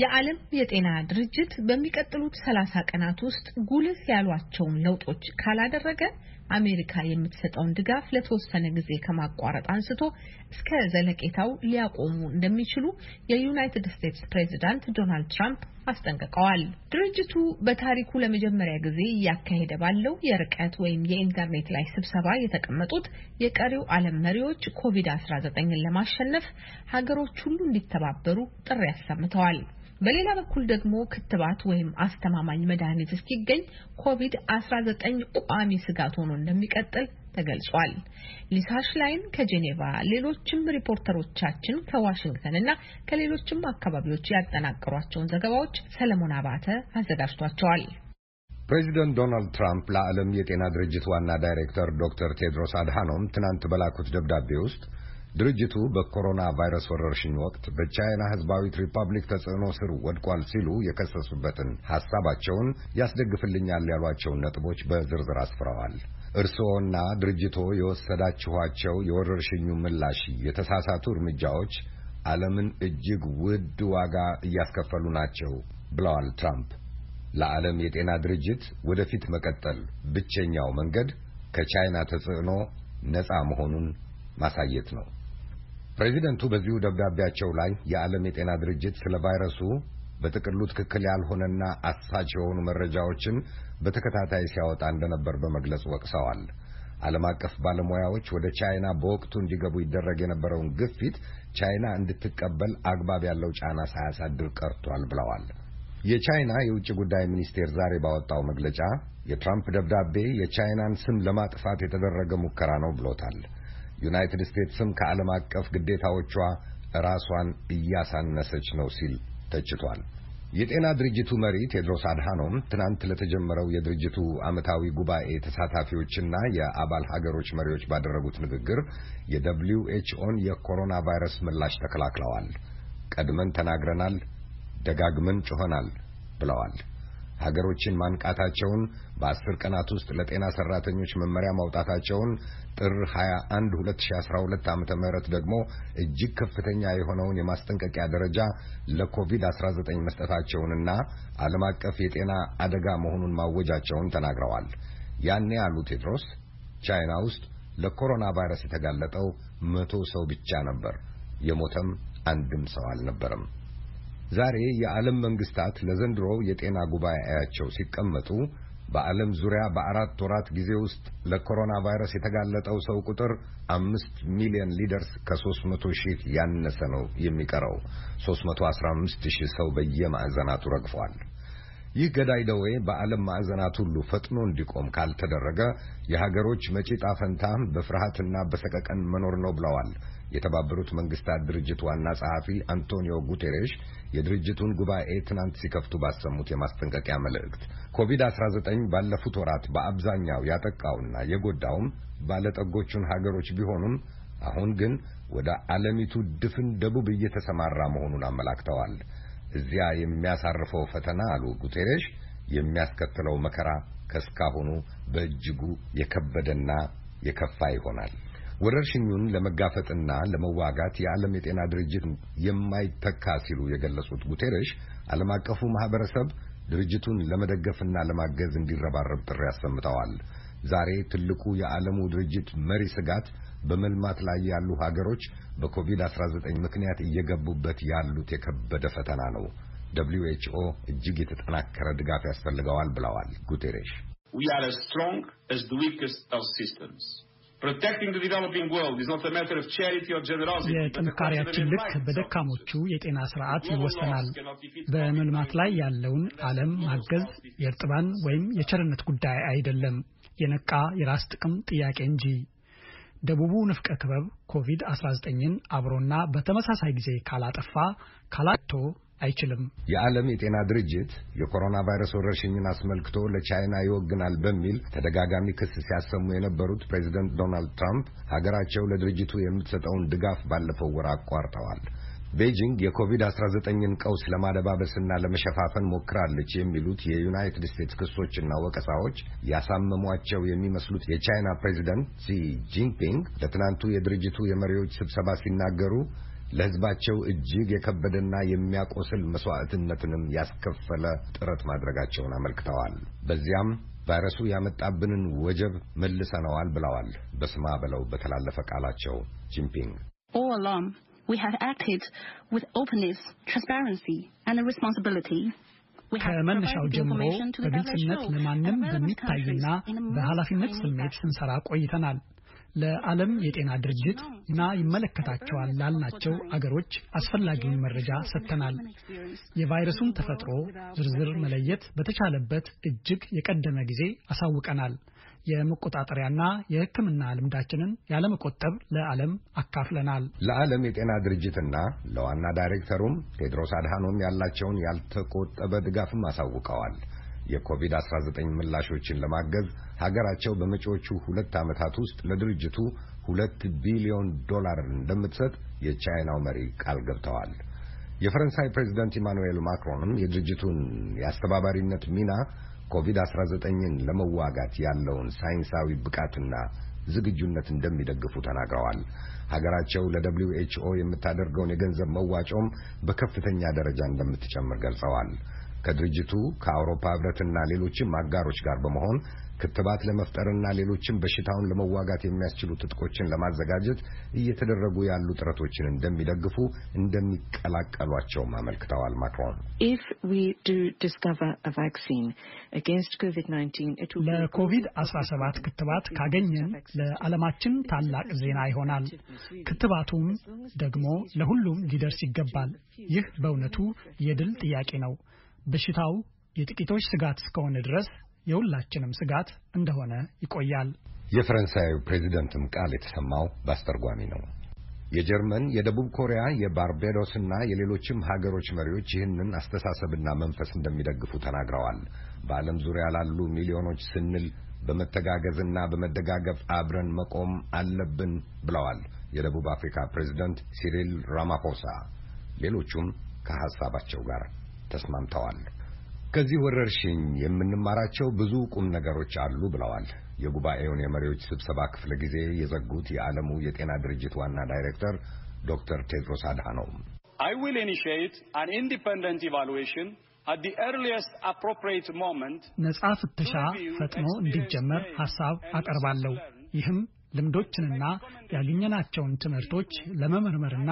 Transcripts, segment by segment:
የዓለም የጤና ድርጅት በሚቀጥሉት ሰላሳ ቀናት ውስጥ ጉልህ ያሏቸውን ለውጦች ካላደረገ አሜሪካ የምትሰጠውን ድጋፍ ለተወሰነ ጊዜ ከማቋረጥ አንስቶ እስከ ዘለቄታው ሊያቆሙ እንደሚችሉ የዩናይትድ ስቴትስ ፕሬዚዳንት ዶናልድ ትራምፕ አስጠንቅቀዋል። ድርጅቱ በታሪኩ ለመጀመሪያ ጊዜ እያካሄደ ባለው የርቀት ወይም የኢንተርኔት ላይ ስብሰባ የተቀመጡት የቀሪው ዓለም መሪዎች ኮቪድ-19ን ለማሸነፍ ሀገሮች ሁሉ እንዲተባበሩ ጥሪ አሰምተዋል። በሌላ በኩል ደግሞ ክትባት ወይም አስተማማኝ መድኃኒት እስኪገኝ ኮቪድ-19 ቋሚ ስጋት ሆኖ እንደሚቀጥል ተገልጿል። ሊሳሽ ላይን ከጄኔቫ ሌሎችም ሪፖርተሮቻችን ከዋሽንግተን እና ከሌሎችም አካባቢዎች ያጠናቀሯቸውን ዘገባዎች ሰለሞን አባተ አዘጋጅቷቸዋል። ፕሬዚደንት ዶናልድ ትራምፕ ለዓለም የጤና ድርጅት ዋና ዳይሬክተር ዶክተር ቴድሮስ አድሃኖም ትናንት በላኩት ደብዳቤ ውስጥ ድርጅቱ በኮሮና ቫይረስ ወረርሽኝ ወቅት በቻይና ህዝባዊት ሪፐብሊክ ተጽዕኖ ስር ወድቋል ሲሉ የከሰሱበትን ሐሳባቸውን ያስደግፍልኛል ያሏቸውን ነጥቦች በዝርዝር አስፍረዋል። እርስዎና ድርጅቶ የወሰዳችኋቸው የወረርሽኙ ምላሽ የተሳሳቱ እርምጃዎች ዓለምን እጅግ ውድ ዋጋ እያስከፈሉ ናቸው ብለዋል ትራምፕ። ለዓለም የጤና ድርጅት ወደፊት መቀጠል ብቸኛው መንገድ ከቻይና ተጽዕኖ ነፃ መሆኑን ማሳየት ነው። ፕሬዚደንቱ በዚሁ ደብዳቤያቸው ላይ የዓለም የጤና ድርጅት ስለ ቫይረሱ በጥቅሉ ትክክል ያልሆነና አሳች የሆኑ መረጃዎችን በተከታታይ ሲያወጣ እንደነበር በመግለጽ ወቅሰዋል። ዓለም አቀፍ ባለሙያዎች ወደ ቻይና በወቅቱ እንዲገቡ ይደረግ የነበረውን ግፊት ቻይና እንድትቀበል አግባብ ያለው ጫና ሳያሳድር ቀርቷል ብለዋል። የቻይና የውጭ ጉዳይ ሚኒስቴር ዛሬ ባወጣው መግለጫ የትራምፕ ደብዳቤ የቻይናን ስም ለማጥፋት የተደረገ ሙከራ ነው ብሎታል። ዩናይትድ ስቴትስም ከዓለም አቀፍ ግዴታዎቿ ራሷን እያሳነሰች ነው ሲል ተችቷል። የጤና ድርጅቱ መሪ ቴድሮስ አድሃኖም ትናንት ለተጀመረው የድርጅቱ ዓመታዊ ጉባኤ ተሳታፊዎችና የአባል ሀገሮች መሪዎች ባደረጉት ንግግር የደብሊው ኤችኦን የኮሮና ቫይረስ ምላሽ ተከላክለዋል። ቀድመን ተናግረናል፣ ደጋግመን ጮኸናል ብለዋል። ሀገሮችን ማንቃታቸውን፣ በአስር ቀናት ውስጥ ለጤና ሰራተኞች መመሪያ ማውጣታቸውን፣ ጥር 21 2012 ዓ ም ደግሞ እጅግ ከፍተኛ የሆነውን የማስጠንቀቂያ ደረጃ ለኮቪድ-19 መስጠታቸውንና ዓለም አቀፍ የጤና አደጋ መሆኑን ማወጃቸውን ተናግረዋል። ያኔ አሉ ቴድሮስ ቻይና ውስጥ ለኮሮና ቫይረስ የተጋለጠው መቶ ሰው ብቻ ነበር። የሞተም አንድም ሰው አልነበረም። ዛሬ የዓለም መንግስታት ለዘንድሮ የጤና ጉባኤያቸው ሲቀመጡ በዓለም ዙሪያ በአራት ወራት ጊዜ ውስጥ ለኮሮና ቫይረስ የተጋለጠው ሰው ቁጥር አምስት ሚሊዮን ሊደርስ ከ መቶ ሺህ ያነሰ ነው የሚቀረው። ሶስት መቶ አስራ አምስት ሺህ ሰው በየማዕዘናቱ ረግፏል። ይህ ገዳይ ደዌ በዓለም ማዕዘናት ሁሉ ፈጥኖ እንዲቆም ካልተደረገ የሀገሮች መጪ ዕጣ በፍርሃትና በሰቀቀን መኖር ነው ብለዋል የተባበሩት መንግስታት ድርጅት ዋና ጸሐፊ አንቶኒዮ ጉቴሬሽ የድርጅቱን ጉባኤ ትናንት ሲከፍቱ ባሰሙት የማስጠንቀቂያ መልእክት ኮቪድ-19 ባለፉት ወራት በአብዛኛው ያጠቃውና የጎዳውም ባለጠጎቹን ሀገሮች ቢሆኑም አሁን ግን ወደ ዓለሚቱ ድፍን ደቡብ እየተሰማራ መሆኑን አመላክተዋል። እዚያ የሚያሳርፈው ፈተና አሉ ጉቴሬሽ የሚያስከትለው መከራ ከስካሁኑ በእጅጉ የከበደና የከፋ ይሆናል። ወረርሽኙን ለመጋፈጥና ለመዋጋት የዓለም የጤና ድርጅት የማይተካ ሲሉ የገለጹት ጉቴሬሽ ዓለም አቀፉ ማህበረሰብ ድርጅቱን ለመደገፍና ለማገዝ እንዲረባረብ ጥሪ አሰምተዋል። ዛሬ ትልቁ የዓለሙ ድርጅት መሪ ስጋት በመልማት ላይ ያሉ ሀገሮች በኮቪድ-19 ምክንያት እየገቡበት ያሉት የከበደ ፈተና ነው። ደብሊው ኤች ኦ እጅግ የተጠናከረ ድጋፍ ያስፈልገዋል ብለዋል ጉቴሬሽ። የጥንካሬያችን ልክ በደካሞቹ የጤና ስርዓት ይወሰናል። በመልማት ላይ ያለውን ዓለም ማገዝ የእርጥባን ወይም የቸርነት ጉዳይ አይደለም፣ የነቃ የራስ ጥቅም ጥያቄ እንጂ። ደቡቡ ንፍቀ ክበብ ኮቪድ-19ን አብሮና በተመሳሳይ ጊዜ ካላጠፋ ካላቶ አይችልም። የዓለም የጤና ድርጅት የኮሮና ቫይረስ ወረርሽኝን አስመልክቶ ለቻይና ይወግናል በሚል ተደጋጋሚ ክስ ሲያሰሙ የነበሩት ፕሬዚደንት ዶናልድ ትራምፕ ሀገራቸው ለድርጅቱ የምትሰጠውን ድጋፍ ባለፈው ወር አቋርጠዋል። ቤጂንግ የኮቪድ-19ን ቀውስ ለማደባበስና ለመሸፋፈን ሞክራለች የሚሉት የዩናይትድ ስቴትስ ክሶችና ወቀሳዎች ያሳመሟቸው የሚመስሉት የቻይና ፕሬዚደንት ሲ ጂንፒንግ ለትናንቱ የድርጅቱ የመሪዎች ስብሰባ ሲናገሩ ለሕዝባቸው እጅግ የከበደና የሚያቆስል መስዋዕትነትንም ያስከፈለ ጥረት ማድረጋቸውን አመልክተዋል። በዚያም ቫይረሱ ያመጣብንን ወጀብ መልሰነዋል ብለዋል። በስማ በለው በተላለፈ ቃላቸው ጂንፒንግ All we have acted with openness, transparency and responsibility. ከመነሻው ጀምሮ በግልጽነት ለማንም በሚታይና በኃላፊነት ስሜት ስንሰራ ቆይተናል። ለዓለም የጤና ድርጅት እና ይመለከታቸዋል ላልናቸው አገሮች አስፈላጊውን መረጃ ሰጥተናል። የቫይረሱን ተፈጥሮ ዝርዝር መለየት በተቻለበት እጅግ የቀደመ ጊዜ አሳውቀናል። የመቆጣጠሪያና የሕክምና ልምዳችንን ያለመቆጠብ ለዓለም አካፍለናል። ለዓለም የጤና ድርጅትና ለዋና ዳይሬክተሩም ቴድሮስ አድሃኖም ያላቸውን ያልተቆጠበ ድጋፍም አሳውቀዋል። የኮቪድ-19 ምላሾችን ለማገዝ ሀገራቸው በመጪዎቹ ሁለት ዓመታት ውስጥ ለድርጅቱ ሁለት ቢሊዮን ዶላር እንደምትሰጥ የቻይናው መሪ ቃል ገብተዋል። የፈረንሳይ ፕሬዚደንት ኢማኑኤል ማክሮንም የድርጅቱን የአስተባባሪነት ሚና ኮቪድ-19ን ለመዋጋት ያለውን ሳይንሳዊ ብቃትና ዝግጁነት እንደሚደግፉ ተናግረዋል። ሀገራቸው ለደብሊው ኤችኦ የምታደርገውን የገንዘብ መዋጮም በከፍተኛ ደረጃ እንደምትጨምር ገልጸዋል። ከድርጅቱ ከአውሮፓ ህብረትና ሌሎችም አጋሮች ጋር በመሆን ክትባት ለመፍጠርና ሌሎችም በሽታውን ለመዋጋት የሚያስችሉ ትጥቆችን ለማዘጋጀት እየተደረጉ ያሉ ጥረቶችን እንደሚደግፉ እንደሚቀላቀሏቸውም አመልክተዋል። ማክሮን ለኮቪድ-19 ክትባት ካገኘን ለዓለማችን ታላቅ ዜና ይሆናል። ክትባቱም ደግሞ ለሁሉም ሊደርስ ይገባል። ይህ በእውነቱ የድል ጥያቄ ነው። በሽታው የጥቂቶች ስጋት እስከሆነ ድረስ የሁላችንም ስጋት እንደሆነ ይቆያል። የፈረንሳዩ ፕሬዚደንትም ቃል የተሰማው በአስተርጓሚ ነው። የጀርመን፣ የደቡብ ኮሪያ፣ እና የሌሎችም ሀገሮች መሪዎች ይህንን አስተሳሰብና መንፈስ እንደሚደግፉ ተናግረዋል። በዓለም ዙሪያ ላሉ ሚሊዮኖች ስንል በመተጋገዝና በመደጋገፍ አብረን መቆም አለብን ብለዋል የደቡብ አፍሪካ ፕሬዚደንት ሲሪል ራማፎሳ። ሌሎቹም ከሐሳባቸው ጋር ተስማምተዋል። ከዚህ ወረርሽኝ የምንማራቸው ብዙ ቁም ነገሮች አሉ ብለዋል። የጉባኤውን የመሪዎች ስብሰባ ክፍለ ጊዜ የዘጉት የዓለሙ የጤና ድርጅት ዋና ዳይሬክተር ዶክተር ቴድሮስ አድሃኖም I will initiate an independent evaluation at the ነጻ ፍተሻ ፈጥኖ እንዲጀመር ሐሳብ አቀርባለሁ። ይህም ልምዶችንና ያገኘናቸውን ትምህርቶች ለመመርመርና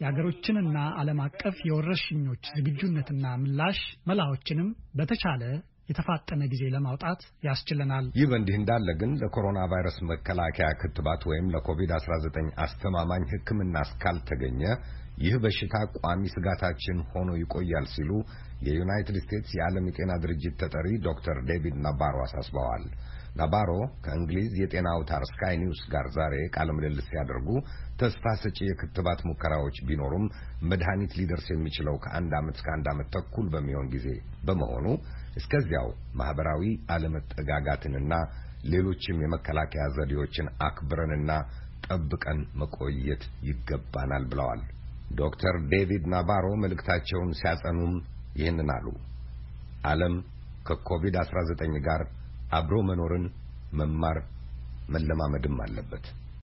የሀገሮችንና ዓለም አቀፍ የወረርሽኞች ዝግጁነትና ምላሽ መላዎችንም በተቻለ የተፋጠነ ጊዜ ለማውጣት ያስችለናል። ይህ በእንዲህ እንዳለ ግን ለኮሮና ቫይረስ መከላከያ ክትባት ወይም ለኮቪድ-19 አስተማማኝ ሕክምና እስካልተገኘ ይህ በሽታ ቋሚ ስጋታችን ሆኖ ይቆያል ሲሉ የዩናይትድ ስቴትስ የዓለም የጤና ድርጅት ተጠሪ ዶክተር ዴቪድ ናባሮ አሳስበዋል። ናባሮ ከእንግሊዝ የጤና አውታር ስካይ ኒውስ ጋር ዛሬ ቃለ ምልልስ ሲያደርጉ ተስፋ ሰጪ የክትባት ሙከራዎች ቢኖሩም መድኃኒት ሊደርስ የሚችለው ከአንድ ዓመት እስከ አንድ ዓመት ተኩል በሚሆን ጊዜ በመሆኑ እስከዚያው ማኅበራዊ አለመጠጋጋትንና ሌሎችም የመከላከያ ዘዴዎችን አክብረንና ጠብቀን መቆየት ይገባናል ብለዋል። ዶክተር ዴቪድ ናባሮ መልእክታቸውን ሲያጸኑም ይህንን አሉ። ዓለም ከኮቪድ-19 ጋር አብሮ መኖርን መማር መለማመድም አለበት።